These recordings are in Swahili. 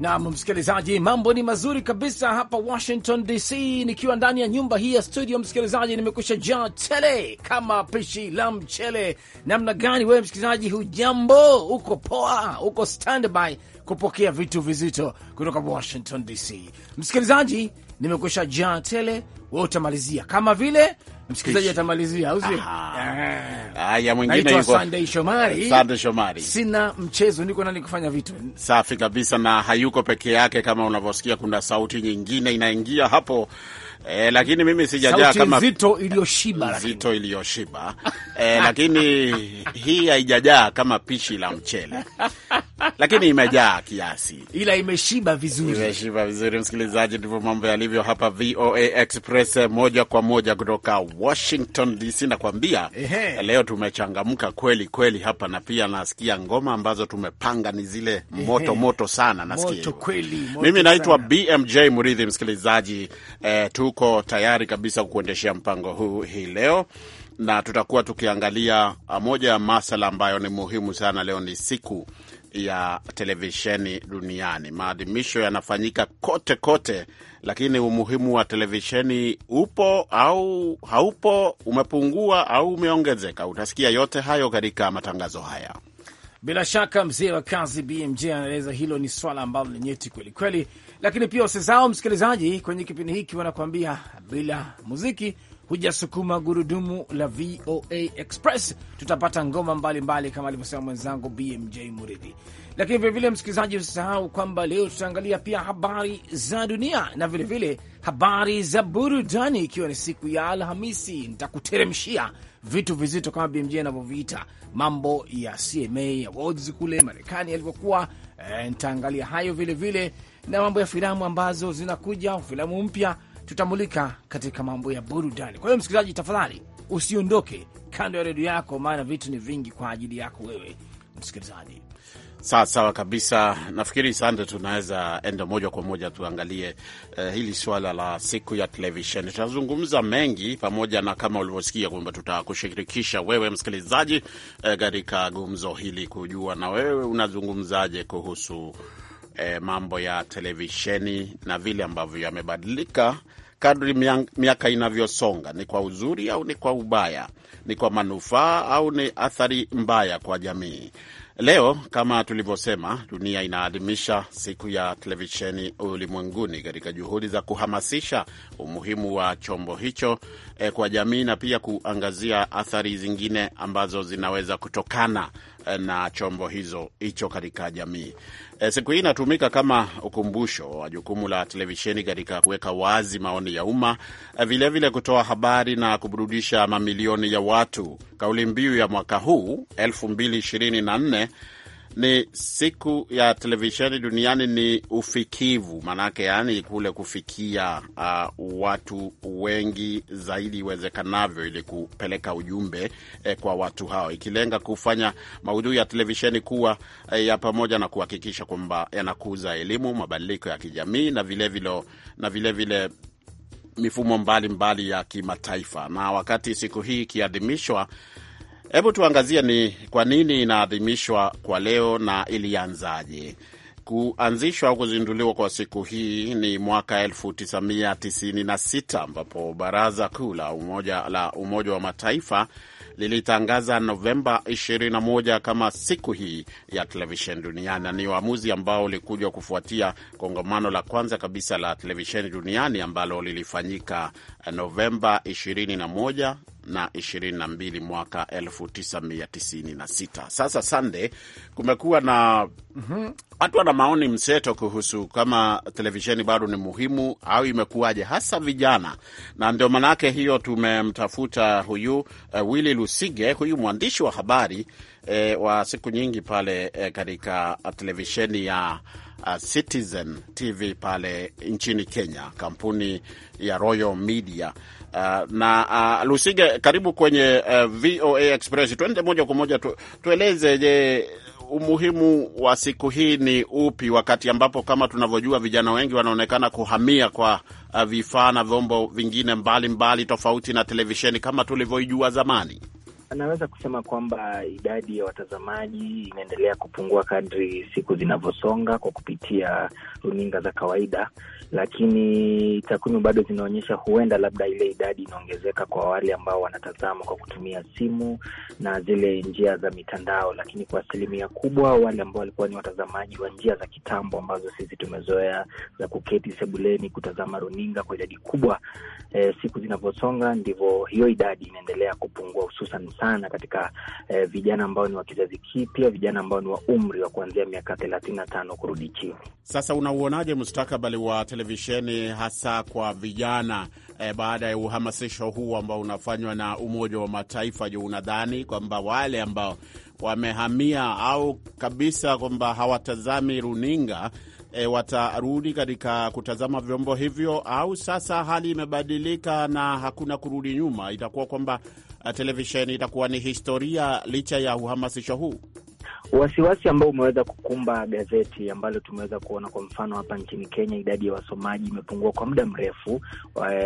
Nam msikilizaji, mambo ni mazuri kabisa hapa Washington DC, nikiwa ndani ya nyumba hii ya studio. Msikilizaji, nimekusha jaa tele kama pishi la mchele. Namna gani wewe msikilizaji, hujambo? Uko poa? Uko standby kupokea vitu vizito kutoka Washington DC? Msikilizaji, nimekusha jaa tele, we utamalizia kama vile msikilizaji atamalizia au sio? Eh. Haya, mwingine yuko Sunday Shomari. Eh, Sunday Shomari, sina mchezo, niko nani kufanya vitu. Safi kabisa, na hayuko peke yake, kama unavyosikia kuna sauti nyingine inaingia hapo. eh, lakini mimi sijajaa kama nzito iliyoshiba, nzito iliyoshiba. eh, lakini hii haijajaa kama pishi la mchele lakini imejaa kiasi, ila imeshiba vizuri, imeshiba vizuri. Msikilizaji, ndivyo mambo yalivyo hapa VOA Express, eh, moja kwa moja kutoka Washington DC. Nakwambia leo tumechangamka kweli kweli hapa, na pia nasikia ngoma ambazo tumepanga ni zile moto moto sana, nasikia moto kweli, moto. Mimi naitwa BMJ Muridhi, msikilizaji eh, tuko tayari kabisa kukuendeshea mpango huu hii leo na tutakuwa tukiangalia ah, moja ya masala ambayo ni muhimu sana. Leo ni siku ya televisheni duniani. Maadhimisho yanafanyika kote kote, lakini umuhimu wa televisheni upo au haupo, umepungua au umeongezeka? Utasikia yote hayo katika matangazo haya. Bila shaka mzee wa kazi BMJ anaeleza hilo ni swala ambalo ni nyeti kwelikweli, lakini pia usisahau msikilizaji, kwenye kipindi hiki wanakuambia bila muziki hujasukuma gurudumu la VOA Express, tutapata ngoma mbalimbali mbali, kama alivyosema mwenzangu BMJ Muridhi. Lakini vilevile, msikilizaji, usisahau kwamba leo tutaangalia pia habari za dunia na vilevile vile, habari za burudani, ikiwa ni siku ya Alhamisi. Nitakuteremshia vitu vizito kama BMJ anavyoviita mambo ya CMA Awards kule Marekani yalivyokuwa. E, nitaangalia hayo vilevile vile, na mambo ya filamu ambazo zinakuja, filamu mpya tutamulika katika mambo ya burudani. Kwa hiyo, msikilizaji, tafadhali usiondoke kando ya redio yako, maana vitu ni vingi kwa ajili yako wewe msikilizaji. Sawa sawa kabisa, nafikiri sande, tunaweza enda moja kwa moja tuangalie eh, hili swala la siku ya televisheni. Tutazungumza mengi pamoja na kama ulivyosikia kwamba tutakushirikisha wewe msikilizaji eh, katika eh, gumzo hili, kujua na wewe unazungumzaje kuhusu eh, mambo ya televisheni na vile ambavyo yamebadilika kadri miaka inavyosonga. Ni kwa uzuri au ni kwa ubaya? Ni kwa manufaa au ni athari mbaya kwa jamii? Leo kama tulivyosema, dunia inaadhimisha siku ya televisheni ulimwenguni katika juhudi za kuhamasisha umuhimu wa chombo hicho eh, kwa jamii na pia kuangazia athari zingine ambazo zinaweza kutokana na chombo hizo hicho katika jamii. E, siku hii inatumika kama ukumbusho wa jukumu la televisheni katika kuweka wazi maoni ya umma, vilevile kutoa habari na kuburudisha mamilioni ya watu. Kauli mbiu ya mwaka huu 2024 ni siku ya televisheni duniani ni ufikivu, maanake yaani kule kufikia uh, watu wengi zaidi iwezekanavyo, ili kupeleka ujumbe eh, kwa watu hao, ikilenga kufanya maudhui ya televisheni kuwa eh, ya pamoja na kuhakikisha kwamba yanakuza elimu, mabadiliko ya kijamii na vilevile na vilevile mifumo mbalimbali mbali ya kimataifa. Na wakati siku hii ikiadhimishwa Hebu tuangazie ni kwa nini inaadhimishwa kwa leo na ilianzaje. Kuanzishwa au kuzinduliwa kwa siku hii ni mwaka 1996 ambapo Baraza Kuu la Umoja la Umoja wa Mataifa lilitangaza Novemba 21 kama siku hii ya televisheni duniani, na ni uamuzi ambao ulikuja kufuatia kongamano la kwanza kabisa la televisheni duniani ambalo lilifanyika Novemba 21 na 22 mwaka 1996. Sasa Sande, kumekuwa na hatua mhm, na maoni mseto kuhusu kama televisheni bado ni muhimu au imekuwaje, hasa vijana, na ndio maanake hiyo tumemtafuta huyu uh, Willy Lusige, huyu mwandishi wa habari eh, wa siku nyingi pale eh, katika televisheni ya Uh, Citizen TV pale nchini Kenya, kampuni ya Royal Media Uh, na uh, Lusige, karibu kwenye uh, VOA Express. Tuende moja kwa moja tu, tueleze, je, umuhimu wa siku hii ni upi, wakati ambapo kama tunavyojua vijana wengi wanaonekana kuhamia kwa uh, vifaa na vyombo vingine mbalimbali mbali, tofauti na televisheni kama tulivyoijua zamani? anaweza kusema kwamba idadi ya watazamaji inaendelea kupungua kadri siku zinavyosonga kwa kupitia runinga za kawaida lakini takwimu bado zinaonyesha huenda labda ile idadi inaongezeka kwa wale ambao wanatazama kwa kutumia simu na zile njia za mitandao, lakini kwa asilimia kubwa wale ambao walikuwa ni watazamaji wa njia za kitambo ambazo sisi tumezoea za kuketi sebuleni kutazama runinga kwa idadi kubwa, e, siku zinavyosonga ndivyo hiyo idadi inaendelea kupungua, hususan sana katika e, vijana ambao ni wa kizazi kipya, vijana ambao ni wa umri wa kuanzia miaka thelathini na tano kurudi chini. Sasa unauonaje mustakabali wa televisheni hasa kwa vijana e, baada ya uhamasisho huu ambao unafanywa na Umoja wa Mataifa, juu unadhani kwamba wale ambao wamehamia au kabisa kwamba hawatazami runinga e, watarudi katika kutazama vyombo hivyo, au sasa hali imebadilika na hakuna kurudi nyuma, itakuwa kwamba eh, televisheni itakuwa ni historia licha ya uhamasisho huu? wasiwasi ambao umeweza kukumba gazeti ambalo tumeweza kuona kwa mfano hapa nchini Kenya, idadi ya wasomaji imepungua kwa muda mrefu.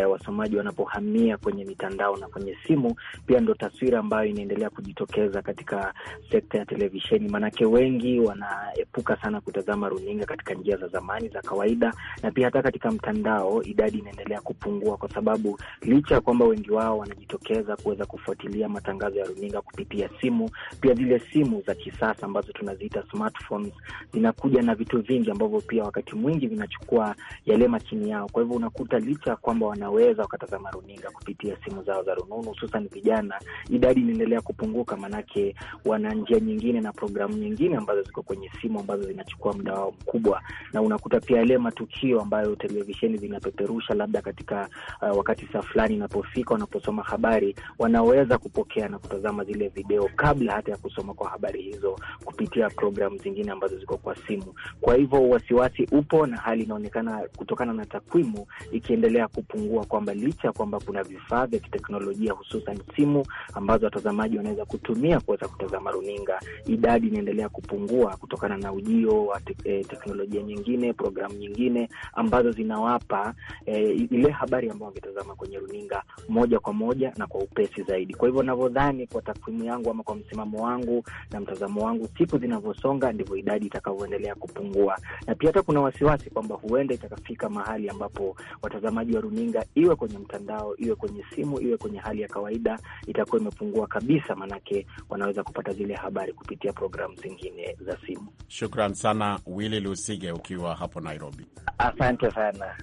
Wasomaji wanapohamia kwenye mitandao na kwenye simu, pia ndo taswira ambayo inaendelea kujitokeza katika sekta ya televisheni, maanake wengi wanaepuka sana kutazama runinga katika njia za zamani za kawaida, na pia hata katika mtandao idadi inaendelea kupungua, kwa sababu licha ya kwamba wengi wao wanajitokeza kuweza kufuatilia matangazo ya runinga kupitia simu, pia zile simu za kisasa ambazo tunaziita smartphones zinakuja na vitu vingi ambavyo pia wakati mwingi vinachukua yale makini yao. Kwa hivyo unakuta licha ya kwamba wanaweza wakatazama runinga kupitia simu zao za rununu, hususan vijana, idadi inaendelea kupunguka, maanake wana njia nyingine na programu nyingine ambazo ziko kwenye simu ambazo zinachukua muda wao mkubwa, na unakuta pia yale matukio ambayo televisheni zinapeperusha labda katika uh, wakati saa fulani inapofika, wanaposoma habari wanaweza kupokea na kutazama zile video kabla hata ya kusoma kwa habari hizo kupitia programu zingine ambazo ziko kwa simu. Kwa hivyo wasiwasi upo na hali inaonekana kutokana na takwimu ikiendelea kupungua, kwamba licha ya kwamba kuna vifaa vya kiteknolojia hususan simu ambazo watazamaji wanaweza kutumia kuweza kutazama runinga, idadi inaendelea kupungua kutokana na ujio wa te eh, teknolojia nyingine, programu nyingine ambazo zinawapa eh, ile habari ambayo wangetazama kwenye runinga moja kwa moja na kwa upesi zaidi. Kwa hivyo navyodhani, kwa takwimu yangu ama kwa msimamo wangu na mtazamo wangu siku zinavyosonga ndivyo idadi itakavyoendelea kupungua, na pia hata kuna wasiwasi kwamba huenda itakafika mahali ambapo watazamaji wa runinga, iwe kwenye mtandao, iwe kwenye simu, iwe kwenye hali ya kawaida, itakuwa imepungua kabisa, maanake wanaweza kupata zile habari kupitia programu zingine za simu. Shukran sana willi Lusige ukiwa hapo Nairobi, asante sana.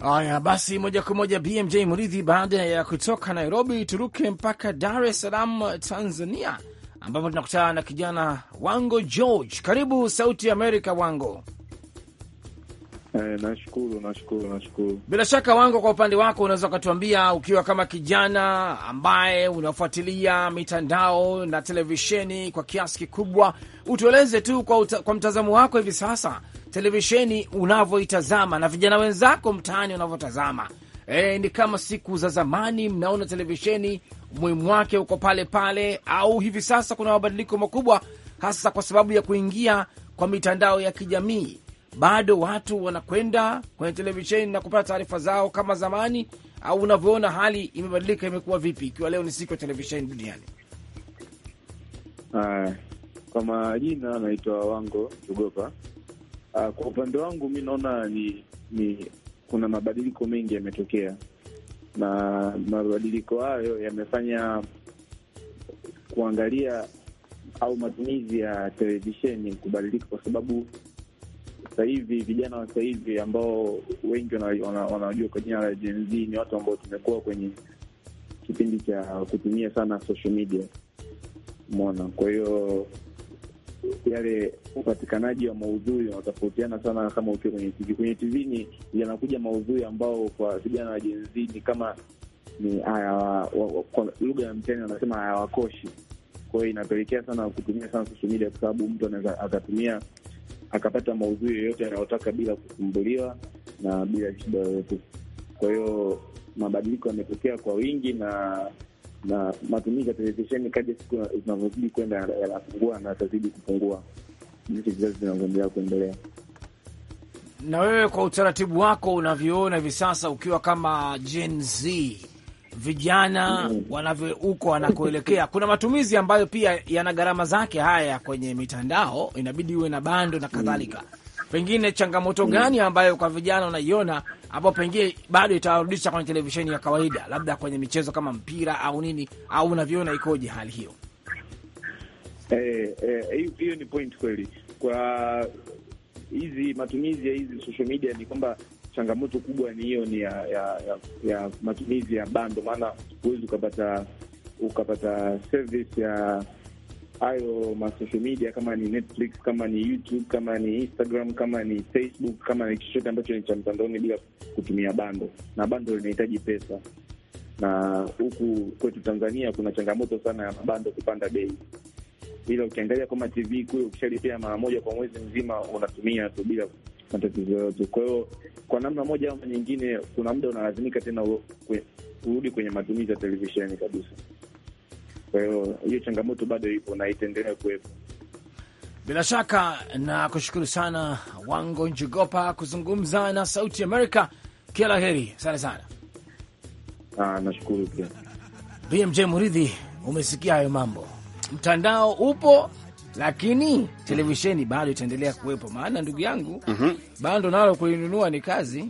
Haya basi, moja kwa moja BMJ mridhi baada ya kutoka Nairobi turuke mpaka Dar es Salaam, Tanzania ambapo tunakutana na kijana Wango George. Karibu Sauti ya Amerika, Wango. Eh, nashukuru nashukuru nashukuru. Bila shaka Wango, kwa upande wako unaweza ukatuambia ukiwa kama kijana ambaye unafuatilia mitandao na televisheni kwa kiasi kikubwa, utueleze tu kwa, kwa mtazamo wako hivi sasa televisheni unavyoitazama na vijana wenzako mtaani unavyotazama. E, ni kama siku za zamani mnaona televisheni umuhimu wake uko pale pale, au hivi sasa kuna mabadiliko makubwa, hasa kwa sababu ya kuingia kwa mitandao ya kijamii? Bado watu wanakwenda kwenye televisheni na kupata taarifa zao kama zamani, au unavyoona hali imebadilika, imekuwa vipi, ikiwa leo ni siku ya televisheni duniani? Aye, kwa majina anaitwa Wango tugopa ah, kwa upande wangu mi naona ni, ni kuna mabadiliko mengi yametokea na mabadiliko hayo yamefanya kuangalia au matumizi ya televisheni kubadilika, kwa sababu sasa hivi vijana wa sasa hivi ambao wengi wanajua kwa jina la Gen Z ni watu ambao tumekuwa kwenye kipindi cha kutumia sana social media, mona. Kwa hiyo yale upatikanaji wa maudhui unatofautiana sana kama ukiwa kwenye TV. Kwenye TV ni yanakuja maudhui ambao kwa vijana wa Gen Z ni kama ni haya, kwa lugha ya mtani wanasema hayawakoshi. Kwa hiyo inapelekea sana kutumia sana social media, kwa sababu mtu anaweza akatumia akapata maudhui yoyote anayotaka bila kusumbuliwa na bila shida yoyote. Kwa hiyo mabadiliko yametokea kwa wingi na na matumizi ya televisheni kaja siku zinavyozidi kwenda yanapungua na yatazidi kupungua jinsi vizazi vinavyoendelea kuendelea. Na wewe kwa utaratibu wako unavyoona hivi sasa ukiwa kama Gen Z vijana mm, wanavyo huko wanakuelekea, kuna matumizi ambayo pia yana gharama zake haya kwenye mitandao, inabidi uwe na bando na kadhalika mm pengine changamoto gani ambayo kwa vijana unaiona ambao pengine bado itawarudisha kwenye televisheni ya kawaida, labda kwenye michezo kama mpira au nini, au unavyoona ikoje hali hiyo? Hiyo eh, eh, ni point kweli kwa hizi matumizi ya hizi social media ni kwamba changamoto kubwa ni hiyo ni ya, ya, ya, ya matumizi ya bando, maana huwezi ukapata ukapata service ya hayo ma social media kama ni Netflix, kama ni YouTube, kama ni Instagram, kama ni Facebook, kama ni chochote ambacho ni cha mtandaoni bila kutumia bando, na bando linahitaji pesa, na huku kwetu Tanzania kuna changamoto sana ya mabando kupanda bei, ila ukiangalia kama TV kule ukishalipia mara moja kwa mwezi mzima unatumia tu bila matatizo yoyote. Kwa hiyo kwa namna moja ama nyingine, kuna muda unalazimika tena urudi kwenye matumizi ya televisheni kabisa. Kwa hiyo hiyo changamoto bado ipo na itaendelea kuwepo. Bila shaka na kushukuru sana Wango Njigopa kuzungumza na Sauti Amerika. Kila la heri, asante sana. Ah, nashukuru pia BMJ Muridhi. Umesikia hayo mambo, mtandao upo lakini televisheni bado itaendelea kuwepo, maana ndugu yangu, mm -hmm. bando nalo kulinunua ni kazi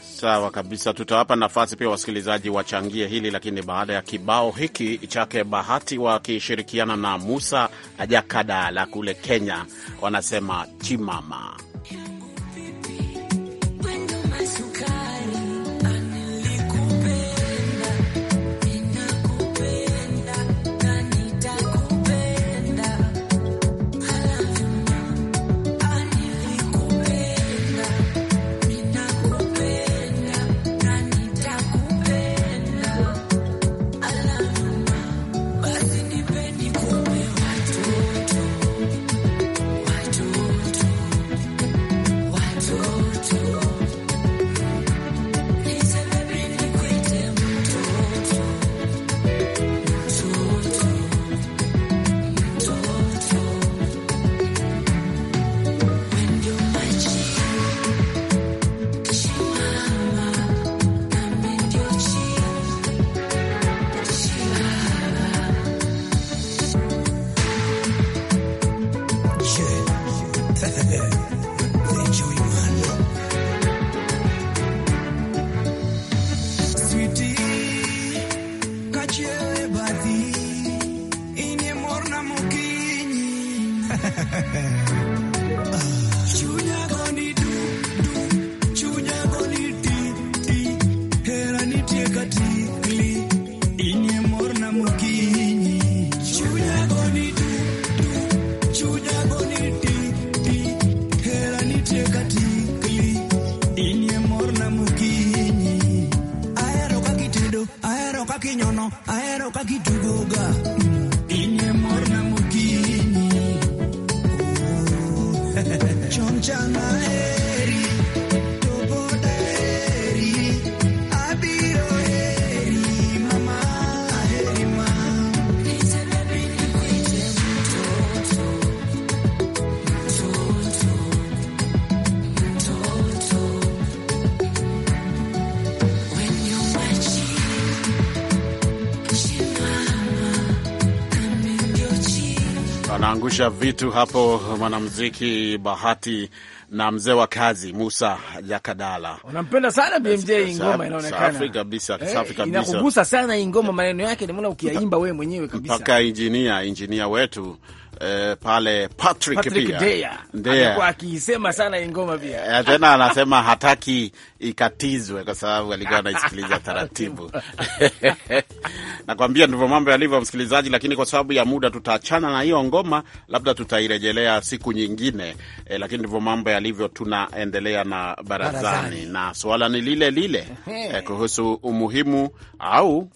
Sawa kabisa, tutawapa nafasi pia wasikilizaji wachangie hili, lakini baada ya kibao hiki chake Bahati wakishirikiana na Musa Ajakadala kule Kenya, wanasema chimama. kuangusha vitu hapo mwanamuziki Bahati na mzee wa kazi Musa Jakadala. Unampenda sana BMJ, hii ngoma inaonekana safi kabisa, eh, safi kabisa, inakugusa sana hii ngoma, maneno yake nimeona ukiyaimba wewe mwenyewe kabisa, mpaka injinia injinia wetu eh, pale Patrick, Patrick pia Dea. Eh, Akisema sana ingoma pia tena anasema hataki ikatizwe kwa sababu alikuwa anaisikiliza taratibu nakwambia, ndivyo mambo yalivyo, msikilizaji. Lakini kwa sababu ya muda tutaachana na hiyo ngoma, labda tutairejelea siku nyingine e, lakini ndivyo mambo yalivyo. Tunaendelea na barazani, barazani. Na suala ni lile lile e, kuhusu umuhimu au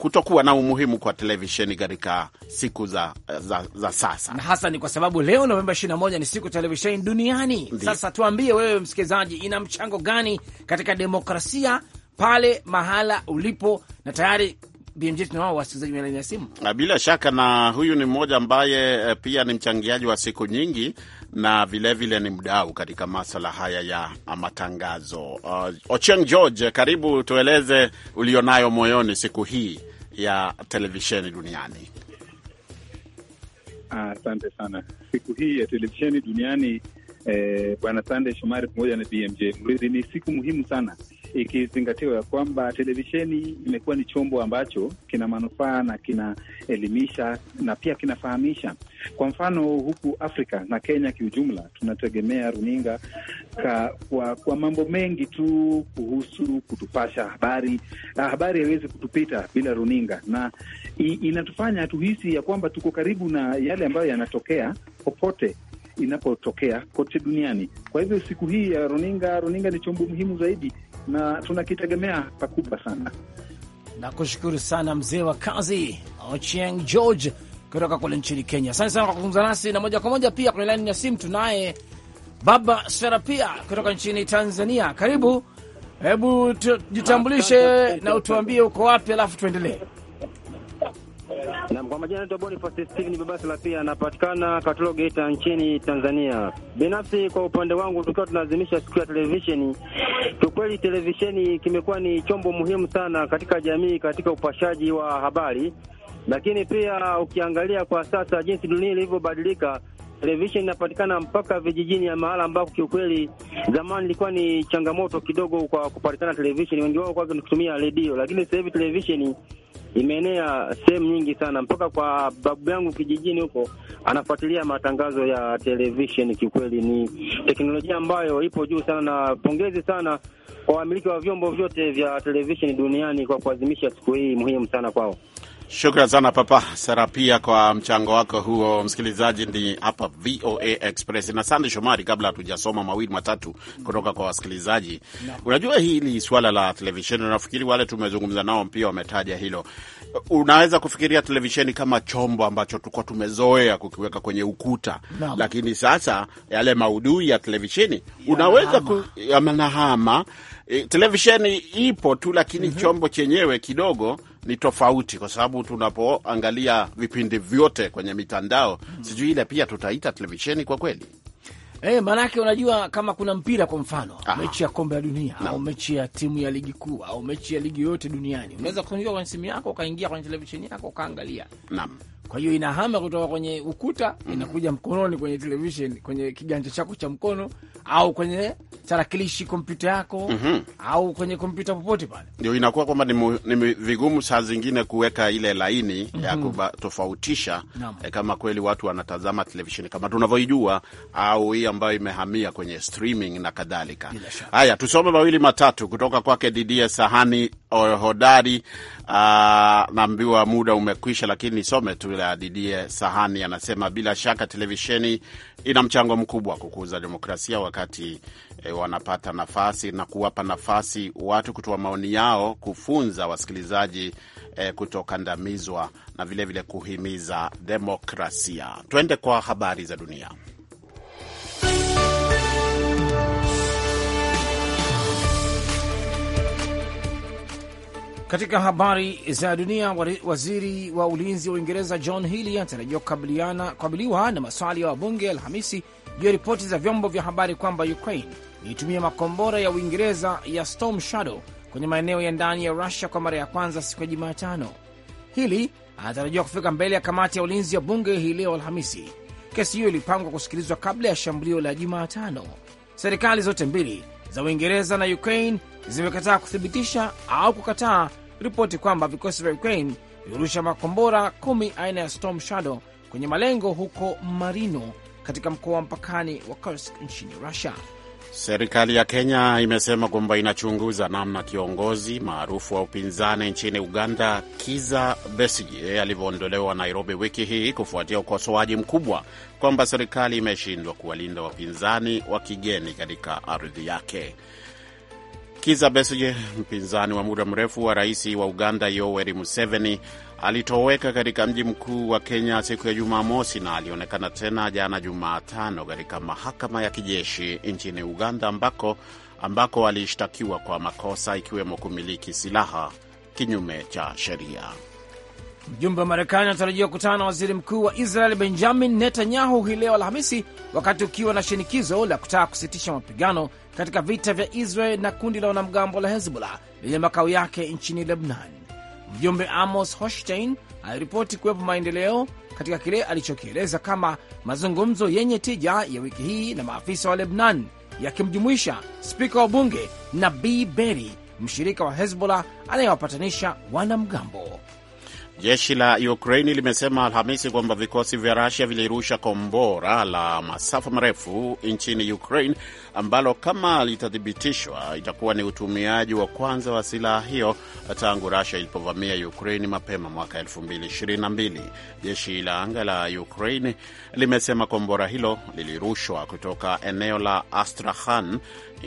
kutokuwa na umuhimu kwa televisheni katika siku za, za, za sasa, na hasa ni kwa sababu leo Novemba 21 ni siku televisheni duniani. Ndi. Sasa tuambie wewe msikilizaji, ina mchango gani katika demokrasia pale mahala ulipo, na tayari BMJ tunao wasikilizaji ya simu bila shaka, na huyu ni mmoja ambaye eh, pia ni mchangiaji wa siku nyingi na vilevile vile ni mdau katika maswala haya ya matangazo. Uh, Ochieng George, karibu, tueleze ulionayo moyoni siku hii ya televisheni duniani. Asante ah, sana. Siku hii ya televisheni duniani eh, Bwana Sande Shomari pamoja na BMJ Mridhi, ni siku muhimu sana ikizingatiwa ya kwamba televisheni imekuwa ni chombo ambacho kina manufaa na kinaelimisha na pia kinafahamisha. Kwa mfano huku Afrika na Kenya kiujumla, tunategemea runinga ka, kwa, kwa mambo mengi tu kuhusu kutupasha habari. Ah, habari haiwezi kutupita bila runinga, na inatufanya tuhisi ya kwamba tuko karibu na yale ambayo yanatokea popote inapotokea kote duniani. Kwa hivyo siku hii ya runinga, runinga ni chombo muhimu zaidi na tunakitegemea pakubwa sana. Nakushukuru sana mzee wa kazi Ochieng George kutoka kule nchini Kenya. Asante sana kwa kuzungumza nasi, na moja kwa moja pia kwenye laini ya simu tunaye Baba Serapia kutoka nchini Tanzania. Karibu, hebu jitambulishe ah, na utuambie uko wapi, alafu tuendelee majina yetu Boniface Steven Babasla, pia anapatikana Katoro Geita nchini Tanzania. Binafsi kwa upande wangu, tukiwa tunaadhimisha siku ya televisheni, kiukweli televisheni kimekuwa ni chombo muhimu sana katika jamii, katika upashaji wa habari, lakini pia ukiangalia kwa sasa jinsi dunia ilivyobadilika televisheni inapatikana mpaka vijijini ya mahala ambako kiukweli zamani ilikuwa ni changamoto kidogo kwa kupatikana televisheni. Wengi wao kwa kutumia redio, lakini sasa hivi televisheni imeenea sehemu nyingi sana, mpaka kwa babu yangu kijijini huko anafuatilia matangazo ya television. Kiukweli ni teknolojia ambayo ipo juu sana, na pongezi sana kwa wamiliki wa vyombo vyote vya television duniani kwa kuadhimisha siku hii muhimu sana kwao. Shukran sana Papa Sarapia kwa mchango wako huo. Msikilizaji, ni hapa VOA Express na Sande Shomari. Kabla hatujasoma mawili matatu kutoka kwa wasikilizaji no. Unajua hili swala la televisheni, nafikiri wale tumezungumza nao pia wametaja hilo. Unaweza kufikiria televisheni kama chombo ambacho tulikuwa tumezoea kukiweka kwenye ukuta no. Lakini sasa yale maudhui ya televisheni unaweza kuyamanahama. E, eh, televisheni ipo tu, lakini mm -hmm. chombo chenyewe kidogo ni tofauti, kwa sababu tunapoangalia vipindi vyote kwenye mitandao mm. sijui ile pia tutaita televisheni kwa kweli. Hey, eh, maanake unajua kama kuna mpira kwa mfano Aha. mechi ya kombe la dunia no, au mechi ya timu ya ligi kuu au mechi ya ligi yoyote duniani unaweza kuingia kwenye simu yako ukaingia kwenye televisheni yako ukaangalia. Naam. Kwa hiyo inahama kutoka kwenye ukuta mm, inakuja mkononi kwenye televisheni, kwenye kiganja chako cha mkono au kwenye tarakilishi, kompyuta yako mm -hmm. au kwenye kompyuta popote pale, ndio inakuwa kwamba ni, vigumu saa zingine kuweka ile laini mm -hmm. ya mhm. kutofautisha no. eh, kama kweli watu wanatazama televisheni kama tunavyoijua au hii ambayo imehamia kwenye streaming na kadhalika. Haya, tusome mawili matatu kutoka kwake Didie Sahani eh, Hodari. Ah, naambiwa muda umekwisha, lakini nisome tu la Didie Sahani. Anasema bila shaka televisheni ina mchango mkubwa kukuza demokrasia wakati e, wanapata nafasi na kuwapa nafasi watu kutoa maoni yao, kufunza wasikilizaji e, kutokandamizwa na vilevile vile kuhimiza demokrasia. Tuende kwa habari za dunia. Katika habari za dunia, waziri wa ulinzi wa Uingereza John Healey anatarajiwa kukabiliwa na maswali ya wabunge Alhamisi juu ya ripoti za vyombo vya habari kwamba Ukraine ilitumia makombora ya Uingereza ya Storm Shadow kwenye maeneo ya ndani ya Rusia kwa mara ya kwanza siku ya Jumatano. Hili anatarajiwa kufika mbele ya kamati ya ulinzi ya bunge hii leo Alhamisi. Kesi hiyo ilipangwa kusikilizwa kabla ya shambulio la Jumatano. Serikali zote mbili za Uingereza na Ukraine zimekataa kuthibitisha au kukataa ripoti kwamba vikosi vya Ukraine vilirusha makombora kumi aina ya Storm Shadow kwenye malengo huko Marino katika mkoa wa mpakani wa Kursk nchini Russia. Serikali ya Kenya imesema kwamba inachunguza namna kiongozi maarufu wa upinzani nchini Uganda, Kiza Besigye, alivyoondolewa Nairobi wiki hii kufuatia ukosoaji mkubwa kwamba serikali imeshindwa kuwalinda wapinzani wa kigeni katika ardhi yake. Kiza Besigye, mpinzani wa muda mrefu wa rais wa Uganda Yoweri Museveni, alitoweka katika mji mkuu wa Kenya siku ya Jumamosi na alionekana tena jana Jumatano katika mahakama ya kijeshi nchini Uganda ambako, ambako alishtakiwa kwa makosa ikiwemo kumiliki silaha kinyume cha sheria. Mjumbe wa Marekani anatarajiwa kukutana na waziri mkuu wa Israel Benjamin Netanyahu hii leo Alhamisi, wakati ukiwa na shinikizo la kutaka kusitisha mapigano katika vita vya Israel na kundi la wanamgambo la Hezbollah lenye makao yake nchini Lebanon. Mjumbe Amos Hochstein aliripoti kuwepo maendeleo katika kile alichokieleza kama mazungumzo yenye tija ya wiki hii na maafisa wa Lebanon, yakimjumuisha spika wa bunge b Berri, mshirika wa Hezbollah anayewapatanisha wanamgambo. Jeshi la Ukraini limesema Alhamisi kwamba vikosi vya Rusia vilirusha kombora la masafa marefu nchini Ukraine ambalo kama litathibitishwa itakuwa ni utumiaji wa kwanza wa silaha hiyo tangu Rusia ilipovamia Ukraini mapema mwaka 2022. Jeshi la anga la Ukraini limesema kombora hilo lilirushwa kutoka eneo la Astrakhan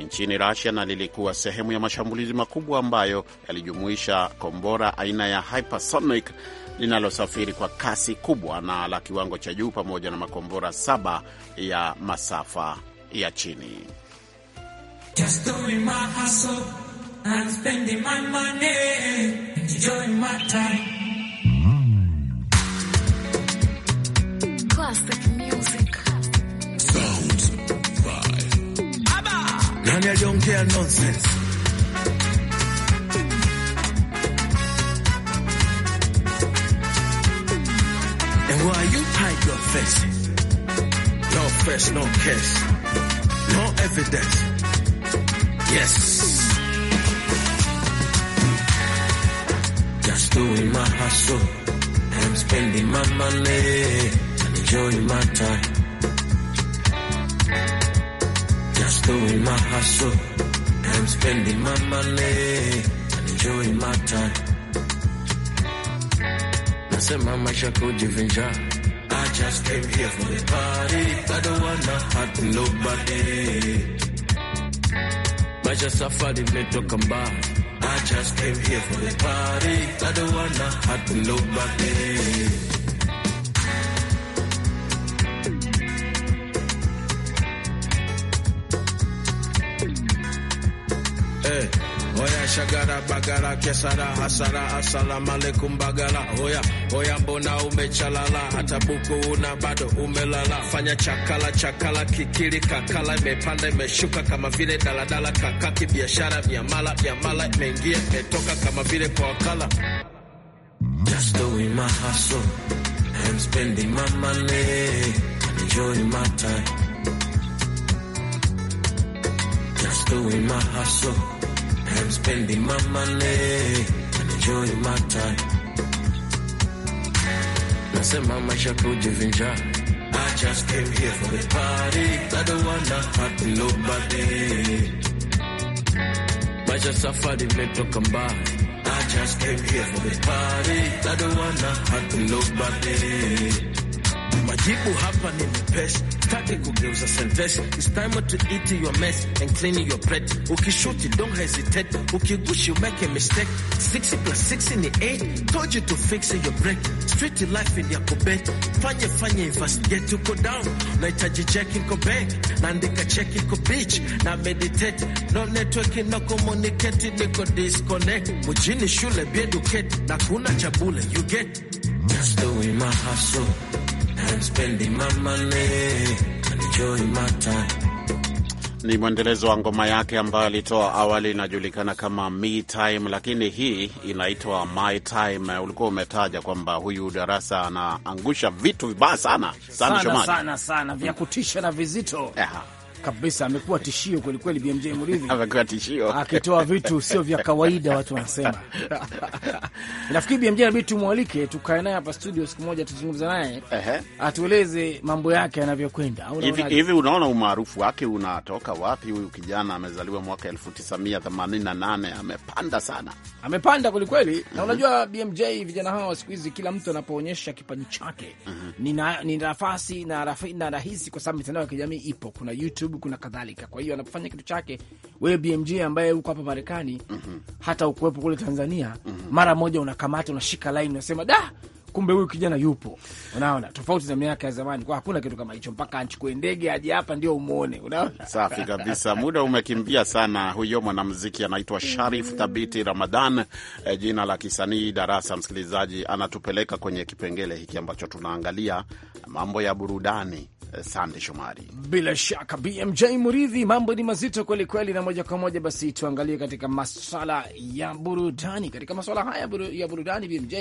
nchini rusia na lilikuwa sehemu ya mashambulizi makubwa ambayo yalijumuisha kombora aina ya hypersonic linalosafiri kwa kasi kubwa na la kiwango cha juu pamoja na makombora saba ya masafa ya chini. Just And I don't care nonsense. And why you hide your face? No face, no case. No evidence. Yes. Just doing my hustle. I'm spending my money. I'm enjoying my time. doing my hustle. I'm spending my money and enjoying my time. Nasema maisha kujivinja. I just came here for the party. I don't wanna hurt nobody. Maisha safari imetoka mbali. I just came here for the party. I don't wanna hurt nobody. shagara bagara kesara hasara asalamu alaikum bagara hoya hoya, mbona umechalala? hata buku una bado umelala. Fanya chakala chakala kikili kakala, imepanda imeshuka kama vile daladala, kakaki biashara miamala miamala, imeingia imetoka kama vile kwa wakala Just doing my hustle and spending my money, enjoying my time. Just doing my hustle I'm spending my money and enjoying my time. Nasema maisha kujivinja. I just came here for the party. I don't wanna hurt nobody. just Maisha safari come mbali. I just came here for the party. I don't wanna hurt nobody. Majibu hapa ni mepesi Sitaki kugeuza sentence. It's time to eat your mess and clean your plate. Ukishuti, don't hesitate. Ukigush, make a mistake. 60 plus 60 ni 8. Told you to fix your break. Street life in ya kubet. Fanye, fanye, investigate, uko down. Nahitaji check, iko bank. Naandika check, iko beach. Na meditate. No networking, no communicate, niko disconnect. Mujini shule, be educate. Na kuna chabule, you get. Just doing my hustle. I'm spending my money, enjoying my time ni mwendelezo wa ngoma yake ambayo alitoa awali inajulikana kama Me Time, lakini hii inaitwa My Time. Ulikuwa umetaja kwamba huyu darasa anaangusha vitu vibaya sana sana sana, sana, sana vya kutisha na vizito yeah kabisa, amekuwa tishio kweli kweli. BMJ Mridhi amekuwa tishio akitoa vitu sio vya kawaida, watu wanasema. Nafikiri BMJ nabidi tumwalike, tukae naye hapa studio siku moja, tuzungumza naye uh -huh. atueleze mambo yake yanavyokwenda hivi Unaona umaarufu wake unatoka wapi? Huyu kijana amezaliwa mwaka 1988 amepanda sana, amepanda kwelikweli. mm Na mhm. unajua BMJ, vijana hawa siku hizi kila mtu anapoonyesha kipaji chake mhm. ni nafasi na, na rahisi kwa sababu mitandao ya kijamii ipo, kuna YouTube Facebook na kadhalika. Kwa hiyo anapofanya kitu chake, wewe BMJ ambaye uko hapa Marekani mm -hmm. hata ukuwepo kule Tanzania mm -hmm. mara moja unakamata, unashika laini, unasema da kumbe huyu kijana yupo. Unaona tofauti na miaka ya zamani, kwa hakuna kitu kama hicho, mpaka anchukue ndege aje hapa ndio umwone. Unaona, safi kabisa. Muda umekimbia sana. Huyo mwanamziki anaitwa Sharif Thabiti Ramadan, eh, jina la kisanii Darasa. Msikilizaji, anatupeleka kwenye kipengele hiki ambacho tunaangalia mambo ya burudani Sande Shomari. Bila shaka BMJ Muridhi, mambo ni mazito kweli kweli, na moja kwa moja basi tuangalie katika maswala ya burudani. Katika maswala haya buru, ya burudani BMJ,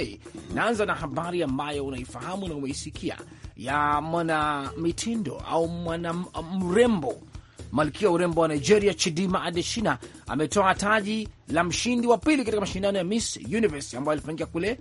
naanza na habari ambayo unaifahamu na umeisikia ya mwana mitindo au mwana mrembo malkia wa urembo wa Nigeria Chidima Adeshina ametoa taji la mshindi wa pili katika mashindano ya Miss Universe ambayo alifanyika kule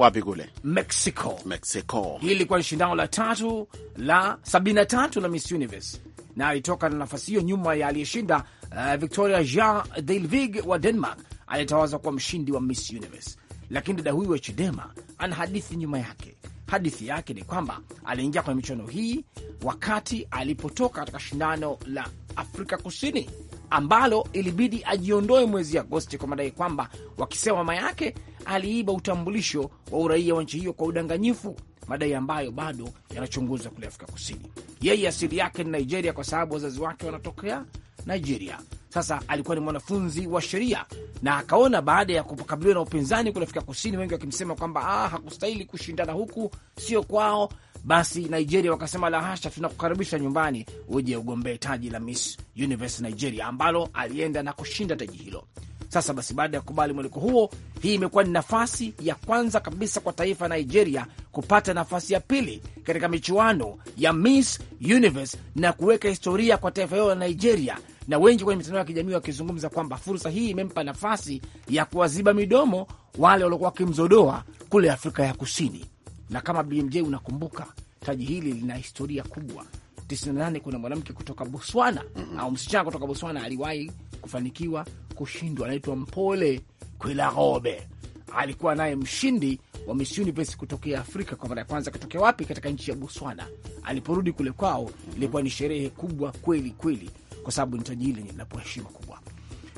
wapi kule Mexico. Mexico. Hii ilikuwa ni shindano la tatu la 73 la Miss Universe na alitoka na nafasi hiyo nyuma ya aliyeshinda uh, Victoria Jean Delvig wa Denmark aliyetawazwa kuwa mshindi wa Miss Universe. Lakini dada huyu wa Chidema ana hadithi nyuma yake. Hadithi yake ni kwamba aliingia kwenye michuano hii wakati alipotoka katika shindano la Afrika Kusini ambalo ilibidi ajiondoe mwezi Agosti kwa madai kwamba wakisema mama yake aliiba utambulisho wa uraia wa nchi hiyo kwa udanganyifu, madai ambayo bado yanachunguzwa kule Afrika Kusini. Yeye asili yake ni Nigeria kwa sababu wazazi wake wanatokea Nigeria. Sasa alikuwa ni mwanafunzi wa sheria na akaona baada ya kukabiliwa na upinzani kule Afrika Kusini, wengi wakimsema kwamba ah, hakustahili kushindana huku, sio kwao, basi Nigeria wakasema la hasha, tunakukaribisha nyumbani uje ugombee taji la Miss Universe Nigeria ambalo alienda na kushinda taji hilo. Sasa basi, baada ya kukubali mwaliko huo, hii imekuwa ni nafasi ya kwanza kabisa kwa taifa Nigeria kupata nafasi ya pili katika michuano ya Miss Universe na kuweka historia kwa taifa hilo la Nigeria, na wengi kwenye mitandao ya kijamii wakizungumza kwamba fursa hii imempa nafasi ya kuwaziba midomo wale waliokuwa wakimzodoa kule Afrika ya Kusini na kama BMJ unakumbuka, taji hili lina historia kubwa. 98 kuna mwanamke kutoka Botswana mm -hmm. au msichana kutoka Botswana aliwahi kufanikiwa kushindwa, anaitwa Mpole Kwelarobe, alikuwa naye mshindi wa Miss Universe kutokea Afrika kwa mara ya kwanza. Katokea wapi? Katika nchi ya Botswana. Aliporudi kule kwao, ilikuwa ni sherehe kubwa kweli kweli, kwa sababu ni taji hili napoheshima kubwa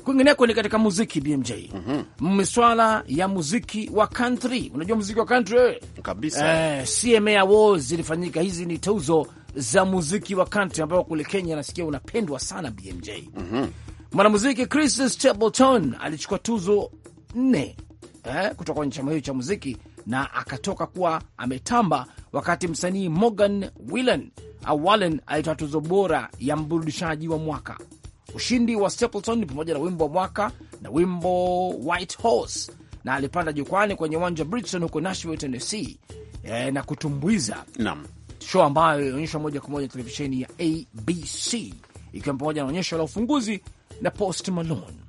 Kwingineko ni katika muziki BMJ, mswala mhm. mm -hmm. ya muziki wa country. Unajua muziki wa country wewe Kabisa. Eh, CMA Awards zilifanyika. Hizi ni tuzo za muziki wa country ambao kule Kenya nasikia unapendwa sana BMJ. mm -hmm. Mwanamuziki Chris Stapleton alichukua tuzo nne eh, kutoka kwenye chama hiyo cha muziki na akatoka kuwa ametamba, wakati msanii Morgan Wallen alitoa tuzo bora ya mburudishaji wa mwaka ushindi wa Stapleton ni pamoja na wimbo wa mwaka na wimbo White Horse, na alipanda jukwani kwenye uwanja wa Bridgestone huko Nashville, Tennessee e, na kutumbuiza naam, show ambayo ilionyeshwa moja kwa moja televisheni ya ABC ikiwa pamoja na onyesho la ufunguzi na Post Malone.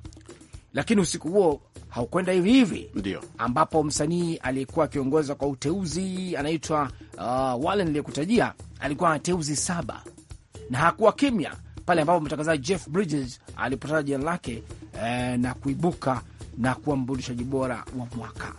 Lakini usiku huo haukwenda hivi hivi, ndio ambapo msanii aliyekuwa akiongoza kwa uteuzi anaitwa uh, Wallen aliyekutajia alikuwa na teuzi saba na hakuwa kimya pale ambapo mtangazaji Jeff Bridges alipoteza jina lake eh, na kuibuka na kuwa mburudishaji bora wa mwaka.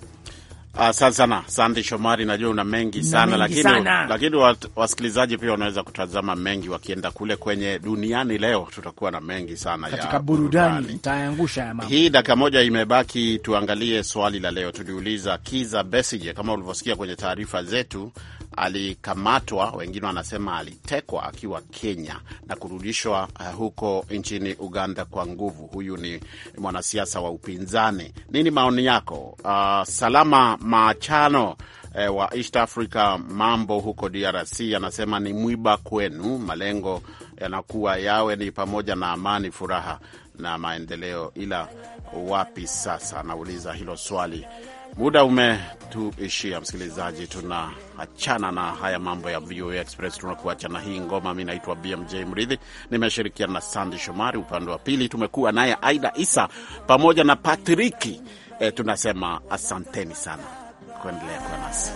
Asante ah, uh, sana Sandi Shomari, najua una mengi sana mengi lakini, sana. Lakini wasikilizaji pia wanaweza kutazama mengi wakienda kule kwenye duniani leo, tutakuwa na mengi sana katika burudani, ya mama. hii. Dakika moja imebaki, tuangalie swali la leo. Tuliuliza Kiza Besije, kama ulivyosikia kwenye taarifa zetu, alikamatwa, wengine wanasema alitekwa akiwa Kenya na kurudishwa eh, huko nchini Uganda kwa nguvu. Huyu ni mwanasiasa wa upinzani. Nini maoni yako? Uh, Salama Machano eh, wa East Africa mambo huko DRC anasema ni mwiba kwenu, malengo yanakuwa yawe ni pamoja na amani, furaha na maendeleo, ila wapi sasa? Anauliza hilo swali. Muda umetuishia, msikilizaji, tunaachana na haya mambo ya VOA Express. Tunakuacha na hii ngoma. Mi naitwa BMJ Mridhi, nimeshirikiana na Sandi Shomari upande wa pili, tumekuwa naye Aida Isa pamoja na Patriki. E, eh, tunasema asanteni sana kuendelea kuwa nasi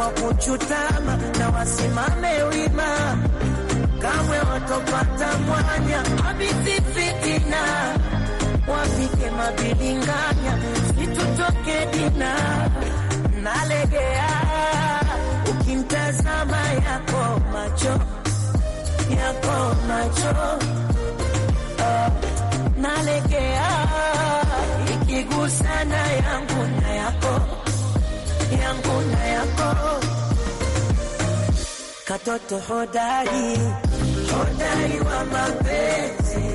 kwa kuchutama na wasimame wima, kamwe watopata mwanya. Wabisi fitina, wapike mabilinganya, situtoke dina. Nalegea ukimtazama, yako macho yako macho, uh, nalegea ikigusana yangu na yako yangu na yako, katoto hodari hodari wa mapenzi